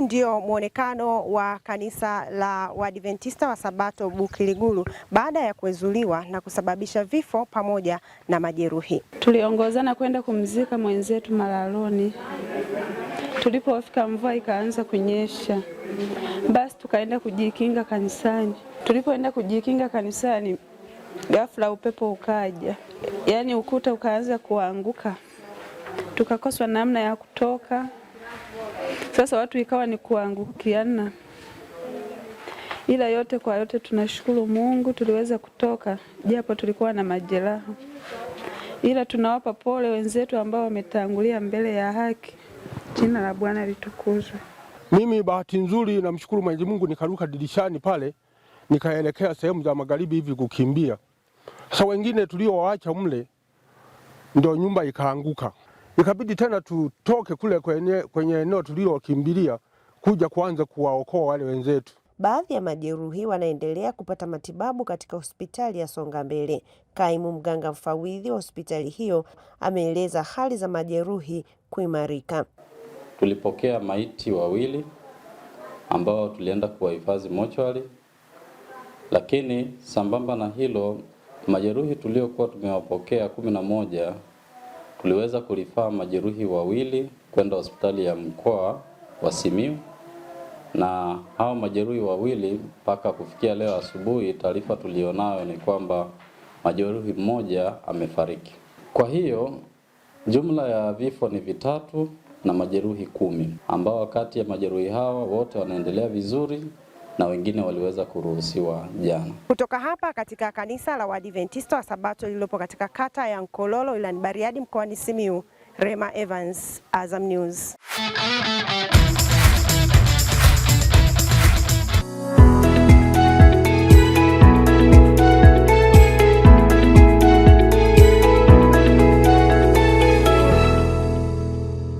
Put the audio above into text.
Huu ndio mwonekano wa kanisa la Waadventista wa Sabato Bukiliguru baada ya kuezuliwa na kusababisha vifo pamoja na majeruhi. Tuliongozana kwenda kumzika mwenzetu Malaloni. Tulipofika mvua ikaanza kunyesha, basi tukaenda kujikinga kanisani. Tulipoenda kujikinga kanisani, ghafla upepo ukaja, yaani ukuta ukaanza kuanguka, tukakoswa namna ya kutoka sasa watu ikawa ni kuangukiana, ila yote kwa yote tunashukuru Mungu tuliweza kutoka, japo tulikuwa na majeraha, ila tunawapa pole wenzetu ambao wametangulia mbele ya haki. Jina la Bwana litukuzwe. Mimi bahati nzuri namshukuru Mwenyezi Mungu, nikaruka dirishani pale nikaelekea sehemu za magharibi hivi kukimbia. Sasa wengine tuliowaacha mle ndio nyumba ikaanguka Ikabidi tena tutoke kule kwenye, kwenye eneo tulilokimbilia kuja kuanza kuwaokoa wale wenzetu. Baadhi ya majeruhi wanaendelea kupata matibabu katika hospitali ya Songa Mbele. Kaimu mganga mfawidhi wa hospitali hiyo ameeleza hali za majeruhi kuimarika. Tulipokea maiti wawili ambao tulienda kuwahifadhi mochwari, lakini sambamba na hilo majeruhi tuliokuwa tumewapokea kumi na moja tuliweza kulifaa majeruhi wawili kwenda hospitali ya mkoa wa Simiyu, na hao majeruhi wawili mpaka kufikia leo asubuhi, taarifa tulionayo ni kwamba majeruhi mmoja amefariki. Kwa hiyo jumla ya vifo ni vitatu na majeruhi kumi, ambao kati ya majeruhi hawa wote wanaendelea vizuri na wengine waliweza kuruhusiwa jana. Kutoka hapa katika kanisa la Waadventista wa Sabato lililopo katika kata ya Nkololo wilayani Bariadi mkoani Simiyu, Rema Evans, Azam News.